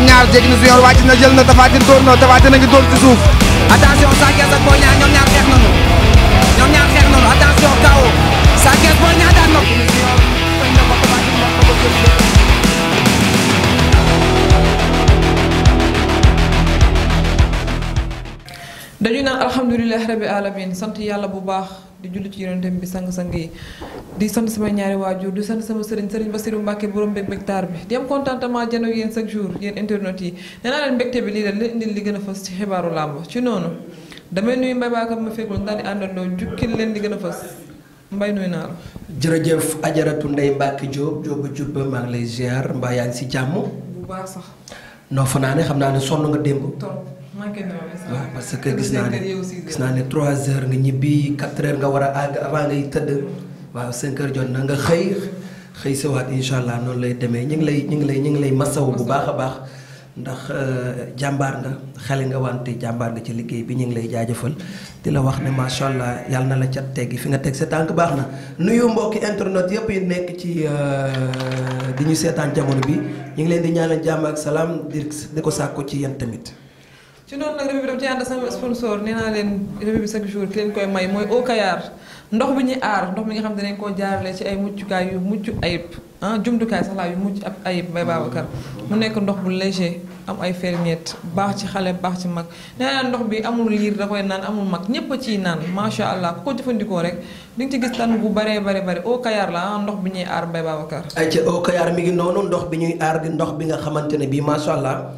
ñoom ñaar jéggi na si yoon wàcc na jël na Tapha Tine dóor na Tapha Tine a ngi dóor ci suuf attention rabbi alamin sant yàlla bu baax di julli ci yonente bi sang-sang yi di sant sama ñaari waajur di sant sama sëriñ sëriñ Basiru Mbàkke borom mbég mbégtaar bi di am contentement jano yéen chaque jour yéen internet yi nee leen mbégte bi lii la leen indil li gën a fës ci xibaaru làmb ci noonu damay nuyu mbay baakam ma fekkul daal di àndandoo jukkil leen li gën a fës mbay nuyu naa la jërëjëf ajaratu ndey Mbàkke Jóob jóoba jubba maa ngi lay ziar mbaa yaa ngi si jàmm bu baax sax noo xam naa ne sonn nga démb waaw parce que gis naa ne gis naa ne trois heures nga ñibbi quatre heures nga war a àgg avant ngay tëdd waaw cinq heures jot na nga xëy xëy siwaat incha allah noonu lay demee ñu ngi lay ñu ngi lay ñu ngi lay masaw bu baax a baax ndax euh, jàmbaar nga xale nga wante jàmbaar nga ci liggéey bi ñu ngi lay jaajëfal di la wax ne macha allah yàlla na la ca teggi fi nga teg sa tànk baax na nuyu mbokki internet yëpp yi nekk ci euh, di ñu seetaan jamono bi ñu ngi leen di ñaanal jàmm ak salaam di ko sàkku ci yéen tamit. ci noonu nag revue bi dama ci ànd sama sponsor leen revue bi chaque jour koy may mooy Eau Kayar ndox bi ñuy aar ndox mi nga xam ne dañ koo jaarale ci ay yu mucc ayib ah jumtukaay yu mucc ab ayib bay Babacar mu nekk ndox bu léger am ay ferñeent baax ci xale baax ci mag ndox bi amul liir da koy naan amul mag ñépp a naan macha allah ku jëfandikoo rek di nga ci gis tan bu baree bare bare Eau Kayar la ah, ndox bi ñuy aar bay Babacar ay ca Eau Kayar mi ngi noonu ndox bi ñuy aar bi ndox bi nga xamante ne bii macha allah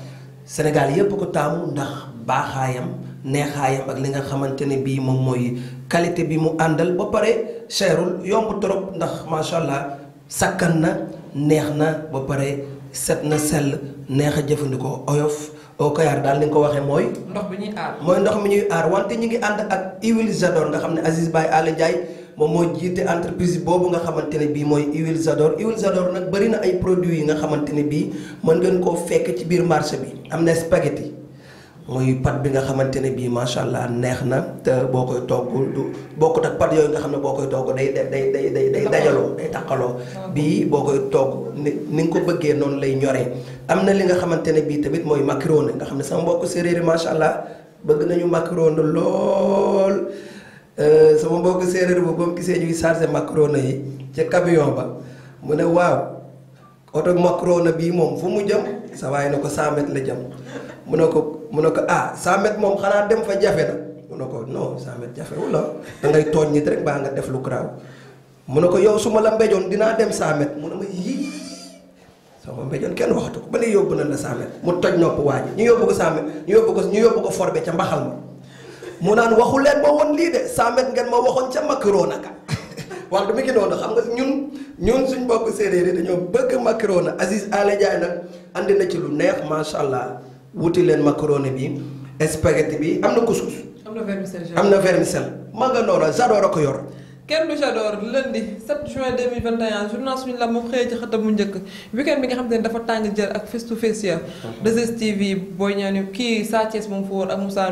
Sénégal yépp ko taamu ndax baaxaayam neexaayam ak li nga xamante ne bii moom mooy qualité bi mu àndal ba pare seerul yomb trop ndax macha allah sakkan na neex na ba pare set na sell neex a jëfandikoo oyof. oo oh Kayar daal li nga ko waxee mooy. ndox bi ñuy aar mooy ndox mi ñuy aar wante ñu ngi ànd ak huile Zador nga xam ne Aziz Baye Alla Ndiaye moom mooy jiite entreprise boobu nga xamante ne bii mooy huile Zador huile Zador nag bëri na ay produits yi nga xamante ne bii mën ngeen koo fekk ci biir marché bi am na spaghetti. mooy pat bi nga xamante ne bii macha allah neex na te boo koy togg du bokkut ak pat yooyu nga xam ne boo koy togg day day day day day dajaloo day taqaloo bii boo koy togg ni ni nga ko bëggee noonu lay ñoree. am na li nga xamante ne bii tamit mooy macaroni nga xam ne sama mbokk séeréer yi allah bëgg nañu macaroni lool euh, sama mbook séeréer boobu ba mu gisee ñuy chargé macaroni yi ca camion ba mu ne waaw oto macaroni bii moom fu mu jëm sa waaye na ko 100 mètres la jëm. mu ne ko mu ne ko ah 100 moom xanaa dem fa jafe na mu ne ko non 100 mètres jafe wala tooñ nit rek mbaa nga def lu garaaw mu ne ko yow suma la mbéjoon dinaa dem 100 mètres mu ma yii sama mbéjoon kenn waxtu ko ba léegi yóbbu na la 100 mètres mu toj nopp waa ji ñu yóbbu ko 100 ñu yóbbu ko ñu yóbbu ko forbe ca mbaxal ma mu naan waxu leen lii de 100 mètres ngeen ma waxoon ca macarona ka wax dama ki noonu xam nga ñun ñun suñ bokk séeréer yi dañoo bëgg macarona Aziz Aly Ndiaye nag andi na ci lu neex macha allah. wuti leen macaroni bi spaghetti bi am na couscous. am na vermicelle am na vermicelle. maa nga noona Jador a ko yor. kenn du Jador lundi 7 juin 2021 journal suñu la moom xëyee ci xëtam mu njëkk weekend bi nga xam ne dafa tàng jël ak face to face ya. 2STV mhm. Boy Niang kii Sa Thiès moom fa woon ak Moussa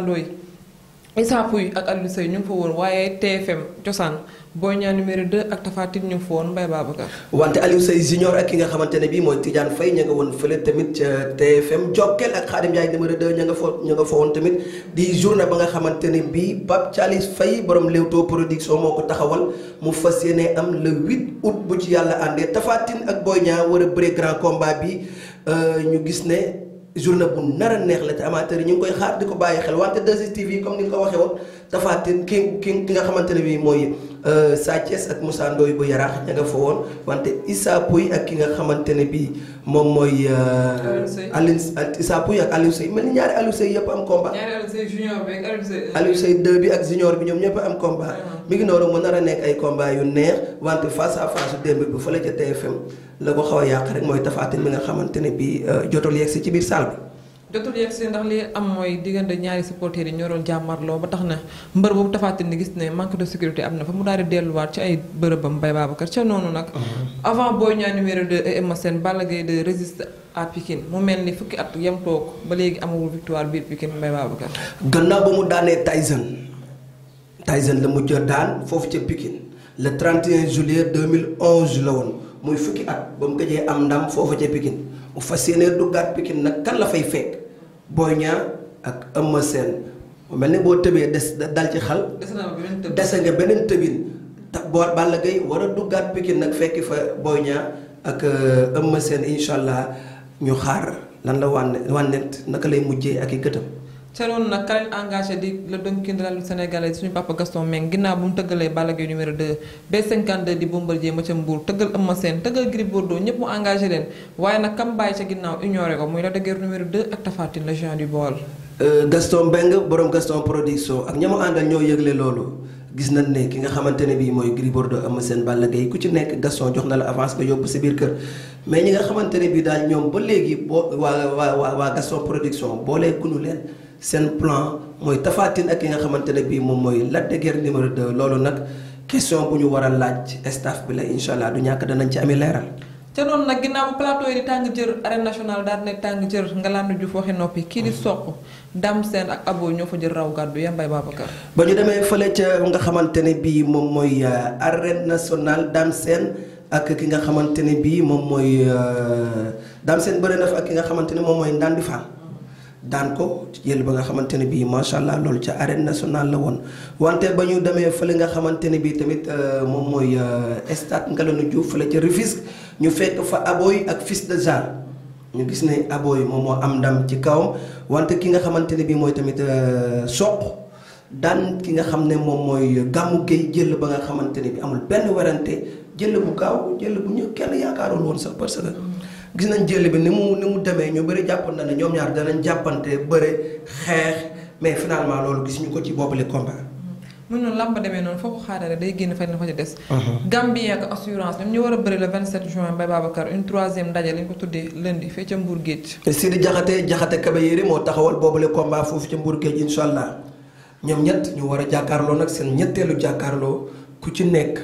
Issa Pouye ak Aliou Seye ñu ngi fa woon waaye TFM cosaan Boy Niang numéro de ak Tapha ñu ngi fa woon Mbaye Babacar wante Aliou Seye junior ak ki nga xamante ne bii mooy Tidiane Faye ña nga woon fële tamit ca TFM Jokkel ak Khadim Ndiaye numéro 2 ña nga fa ña nga fa woon tamit di journée ba nga xamante ne bii Pape Thialis Faye borom Leewtoo production moo ko taxawal mu fas yéene am le 8 août bu ci yàlla àndee Tapha ak Boy ñaa war a bëre grand combat bi euh, ñu gis ne journée bu nar a neex la te amateurs yi koy xaar di ko bàyyi xel wante 2STV yi comme ni nga ko waxee woon Tapha Tine ki ki nga xamante ne bii mooy. Euh, Sa Thiès ak Moussa Ndoye bu yaraax ña fa woon wante Issa Pouye ak ki nga xamante ne bii moom mooy. Euh, Alioune Seye Issa Pouye ak Alioune Seye mel ni ñaari Alioune Seye yëpp am combat. ñaari Alioune Seye junior bi ak Alioune bi ñoom ñëpp am combat. mi ngi noonu mu nar a nekk ay combat yu neex wante face à face démb bi fële ca TFM la ko xaw a yàq rek mooy Tapha Tine mi nga xamante ne bii euh, jotul yegg si ci biir salle bi. jotul yegg ndax li am mooy diggante ñaari supporters yi ñoo doon jàmmarloo ba tax na mbër boobu tafaatin ni gis ne manque de sécurité am na fa mu daal di delluwaat ci ay bërëbam Baye Babacar ca noonu nag. Mm-hmm. avant Boy Niang numéro 2 et Eumeu Sène Balla Gaye de résiste à Pikine mu mel ni fukki at yem toog ba léegi amagul victoire biir Pikine Baye Babacar. gannaaw ba mu daanee Tyson Tyson la mu jot daan foofu ca Pikine le 31 juillet 2011 la woon muy fukki at ba mu gëjee am ndam foofu ca Pikine mu fas yéenee duggaat Pikine nag kan la fay fekk. Boy ñaa ak Eumeu Sène mel ni boo tëbee des dal ci xal. dese nga beneen tëbin te boo Balla Gaye war a duggaat Pikine nag fekki fa Boy Niang ak euh, Eumeu Sène incha allah ñu xaar lan la wànne wànneet naka lay mujjee ak i gëtam. ca loolu na ka leen engagé di le Don King de suñu papa Gaston Meng ginnaaw bu mu tëggalee Balla Gaye numéro 2 B52 di Bombardier ma ca Mbour tëggal Eumeu Sène tëggal Gris Bordeaux ñëpp mu engagé leen waaye nag kam bàyyi ca ginnaaw ignoré ko muy Lac de Guiers numéro 2 ak Tapha Tine le géant du Baol. Euh, Gaston Mbengue borom Gaston production ak ña àndal ñoo yëgle loolu. gis nañ ne ki nga xamante ne bii mooy Gris Bordeaux am seen Balla Gaye ku ci nekk Gaston jox na la avance nga yóbbu sa biir kër mais ñi nga xamante ne bii daal ñoom ba léegi boo waa waa waa Gaston production boolee kunu leen seen plan mooy tafaatin ak yi nga xamante ne bii moom mooy Lac de Guiers numéro 2 loolu nag question bu ñu waral a laaj staff bi la incha allah du ñàkk danañ ci ami leeral. te noonu nag ginnaaw plateau yi di tàng jër arène nationale daal ne tàng jër nga laanu juf waxi noppi. kii di soq daam seen ak abo ñoo fa jël raw gàddu yam bay Babacar. ba ñu demee fële ca nga xamante ne bii moom mooy euh, arène nationale dam seen ak ki nga xamante ne bii moom mooy euh, dam seen bëre na ak ki nga xamante ne moom mooy Ndandi Fall. daan ko jël ba nga xamante ne bii macha allah loolu ca arène nationale la woon wante ba ñu demee fële nga xamante ne bii tamit euh, moom mooy stade Ngalandou Diouf fële ca Rufisque. ñu fekk fa Aboy ak fils de Zal ñu gis ne Aboy moom moo am ndam ci kawam wante ki nga xamante ne bii mooy tamit euh, soq daan ki nga xam ne moom mooy gàmmu géey jël ba nga xamante ne bi amul benn werante jël bu gaaw jël bu ñu kenn yaakaarul woon sax parce que gis nañ jël bi ni mu ni mu demee ñu bari jàppoon na ne ñoom ñaar danañ jàppante bëre xeex mais finalement loolu gis ñu ko ci boobale combat mën noonu làmb deme noonu foo ko xaaree day génn fay na fa ci des. Uh-huh. Gambien ak assurance ñoom ñu war a bëri le 27 juin Mbaye Babacar une troisième ndaje lañ ko tuddee lundi fee ca Mbour Géej. te Sidi Diakhaté Diakhaté Kabayeri moo taxawal boobule combat foofu ca Mbour Géej incha allah ñoom ñett ñu war a jàkkaarloo nag seen ñetteelu jàkkaarloo ku ci nekk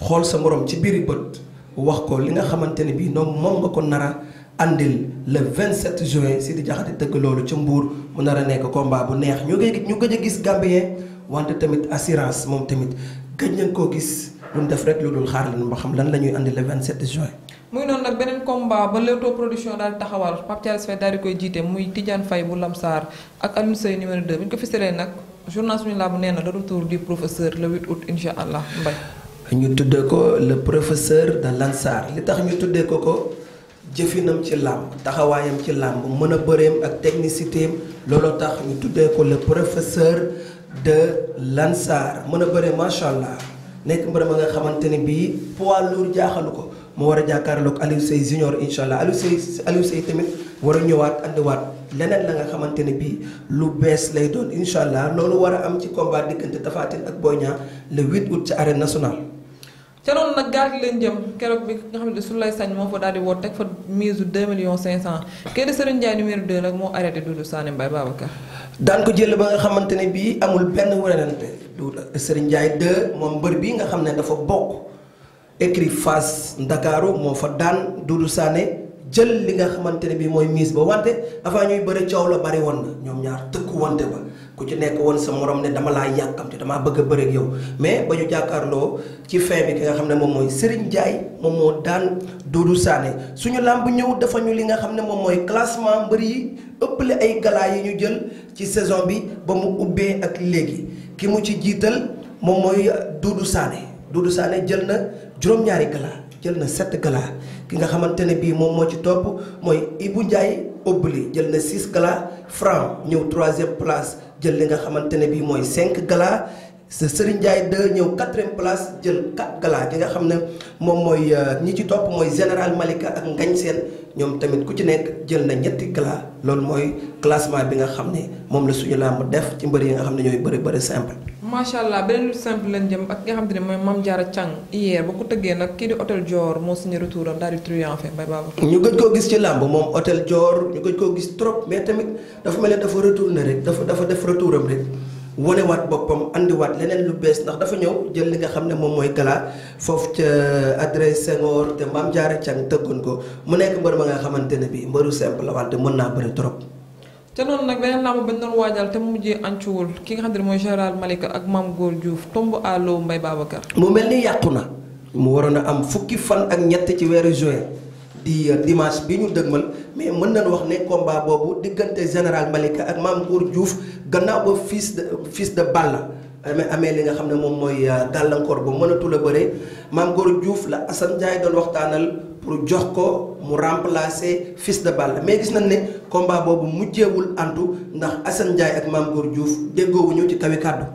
xool sa moroom ci biiri bët wax ko li nga xamante ne bii noonu moom nga ko nara andil le 27 juin Sidi Diakhaté dëgg loolu ca Mbour mu nar a nekk combat bu neex ñu ngi ñu gëj gis Gambien. wante tamit assurance moom tamit gëj nañ koo gis luñ def rek lu dul xaar leen ba xam lan la ñuy andi vingt 27 juin. muy noonu nag beneen combat ba Leewtoo production daal taxawal Pape Thialis Faye daal di koy jiite muy Tidiane Faye bu Lamsar ak Alioune Seye numéro 2 bi ñu ko fisalee nag journal suñu laabu nee na le retour di professeur le 8 août incha allah Mbaye. ñu tuddee ko le professeur de Lansar li tax ñu tuddee ko ko. jëfinam ci làmb taxawaayam ci làmb mën a bëreem ak technicité am looloo tax ñu tuddee ko le professeur de Lansar mën a bëre macha allah nekk mbër ma nga xamante ni bii poids lourd jaaxalu ko mu war a jàkkaarloog Aliou Seye junior incha allah Aliou Seye Aliou Seye tamit war a ñëwaat andiwaat leneen la nga xamante ne bii lu bees lay doon incha allah loolu war a am ci combat diggante Tapha Tine ak Boy Niang le 8 août ci arène nationale. ca noonu nag gaar gi leen jëm keroog bi nga xam ne Soulaye sañ moo fa daal di woo teg fa mise u 2 millions 500 kii di Serigne Ndiaye numéro 2 nag moo arrêté Doudou Sané Mbaye Babacar. daan ko jël ba nga xamante ne bii amul benn wérante du Serigne Ndiaye moom mbër bi nga xam ne dafa bokk écrit face Ndakaaru moo fa daan Doudou Sané jël li nga xamante ne bii mooy mise ba wante dafa ñuy bëre coow la bari woon na ñoom ñaar tëkku wante ba. ku ci nekk woon sa morom ne dama laa yàkkamte damaa bëgg a bëre ak yow mais ba ñu jàkkaarloo ci fin bi ki nga xam ne moom mooy Serigne Ndiaye moom moo daan Doudou Sané suñu làmb ñëw dafa ñu li nga xam ne moom mooy classement mbër yi ëppale ay galaa yi ñu jël ci saison bi ba mu ubbee ak léegi ki mu ci jiital moom mooy Doudou Sané Doudou Sané jël na juróom-ñaari galaa jël na sept galaa ki nga xamante ne bii moom moo ci topp mooy Ibou Ndiaye. Obli jël na 6 gala Franc ñëw troisième place jël li nga xamante ne bii mooy 5 gala. sa Serigne Ndiaye da ñëw quatrième place jël quatre gala gi nga xam ne moom mooy euh, ñi ci topp mooy général Malika ak Ngañ Seen ñoom tamit ku ci nekk jël na ñetti gala loolu mooy classement bi nga xam ne moom la suñu làmb def ci mbër yi nga xam ne ñooy bëri bëri simple. macha allah beneen lu simple lañ jëm ak nga xam te ne mooy Mame Diarra Thiang hier ba ko tëggee nag kii di hôtel Dior moo suñu retour am daal di triomphé Mbaye Baba. ñu gën koo gis ci làmb moom hôtel Dior ñu gëj koo gis trop mais tamit dafa mel dafa retourné rek dafa dafa def retour am rek. wanewaat boppam andiwaat leneen lu bees ndax dafa ñëw jël li nga xam ne moom mooy gala foofu ca adresse Senghor te Mame Diarra Thiam tëggoon ko mu nekk mbër ma nga xamante ne bii mbëru simple la wante mën naa bëri trop. te noonu nag beneen làmb ba ñu doon waajal te mu mujjee ancuwul ki nga xam ne mooy général Malika ak Mame Góor Diouf tomb àlloo mbay Babacar. mu mel ni yàqu na mu waroon a am fukki fan ak ñett ci weeru juin. di euh, dimanche bi ñu dëgmal mais mën nañu wax ne combat boobu diggante général Malika ak Mame Gour Diouf gannaaw ba fils de fiis de Balla euh, amee amee li nga xam ne moom mooy euh, gàllankoor bu mënatul a bëre Mame Gour Diouf la Assane Ndiaye doon waxtaanal pour jox ko mu remplacer fils de Balla mais gis nañ ne combat boobu mujjeewul antu ndax Assane Ndiaye ak Mame Gour Diouf déggoowuñu ci kawi kàddu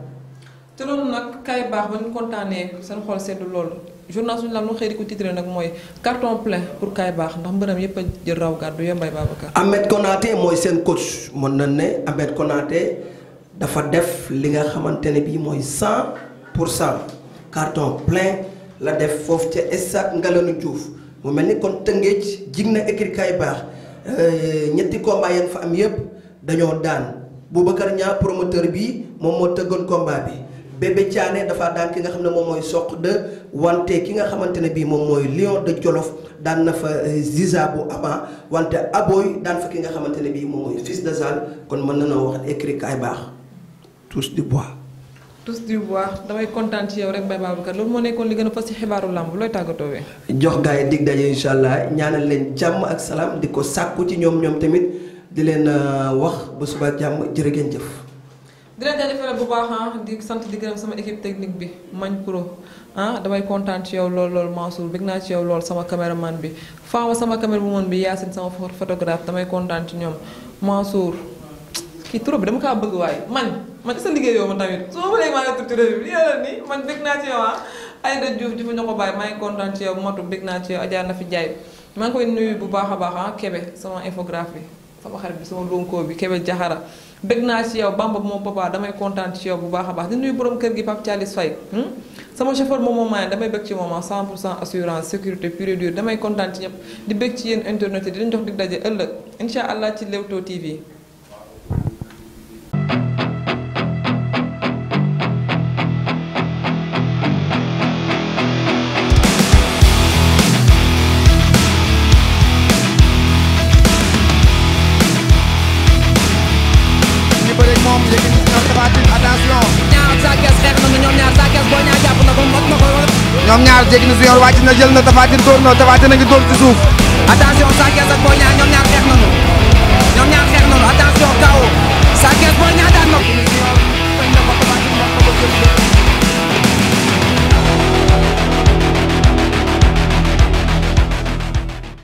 te loolu nag kaay baax ba ñu kontaanee seen xol seddu loolu journal suñu lam lu xëy ko titré nag mooy carton plein pour kaay baax ndax mbëram yépp a jël raw gàddu yombay Babacar. Ahmed Konaté mooy seen coach mën na ne Ahmed Konaté dafa def li nga xamante ne bii mooy 100 pour cent carton plein la def foofu ca stade Ngalandou Diouf mu mel ni kon Tëngéej jig na écrit kaay baax euh, ñetti combat yan fa am yépp dañoo daan Boubacar Niang promoteur bi moom moo tëggoon combat bi. bébé Thiané dafa daan ki nga xam ne moom mooy soq de wante ki nga xamante ne bii moom mooy lion de Jolof daan na fa euh, Ziza bu wante Aboy daan fa ki nga xamante ne bii moom mooy fils de Zal kon mën na noo wax écrit kaay baax tous du bois. tous du bois damay kontaan ci yow rek Mbaye Babacar loolu moo nekkoon li gën a fas ci xibaaru làmb looy tàggatoo bi jox gars yi dig daje incha allah ñaanal leen jàmm ak salaam di ko sàkku ci ñoom ñoom tamit di leen euh, wax ba jàmm jërë ngeen jëf. di leen jaajëfal bu baax ah, di sant di gërëm sama équipe technique bi mañ pro ah damay kontaan ci yow lool lool Mansour bëgg naa ci yow lool sama caméraman bi Fama sama caméraman bi Yacine sama photographe damay kontaan ci ñoom Mansour kii trop bi dama kaa bëgg waaye man man sa liggéey yow ma tamit su ma ba léegi maa ngi tudd réew mi lii la nii man bëgg naa ci yow ah Aïda Diouf di fa ñu ko bàyyi maa ngi kontaan ci yow matu bëgg naa ci yow Adja na fi jaay maa ngi koy nuyu bu baax a baax ah Kébé sama infographe bi sama xarit bi sama lonkoo bi Kébé Jaxara bëgg naa ci yow Bamba moom papa damay kontaan ci yow bu baax a baax di nuyu borom kër gi Pape Thialis Faye hmm? sama chauffeur moom moo maye damay bëgg ci moom 100 ah, pour cent assurance sécurité pure et dure damay kontaan ci ñëpp di bëgg ci yéen internet yi di leen jox dig daje ëllëg incha allah ci Leewtoo TV. attention ñaar saakees xeex na ñoom ñaar saakees boo ñaar jàpp na ko mot na ko ñoom ñaar jéggi na junior wàcc na jël na tafaatin dóor na tafaatin na ngi dóor ci saakees ak boo ñaar ñoom ñaar xeex nañu ñoom ñaar xeex na ko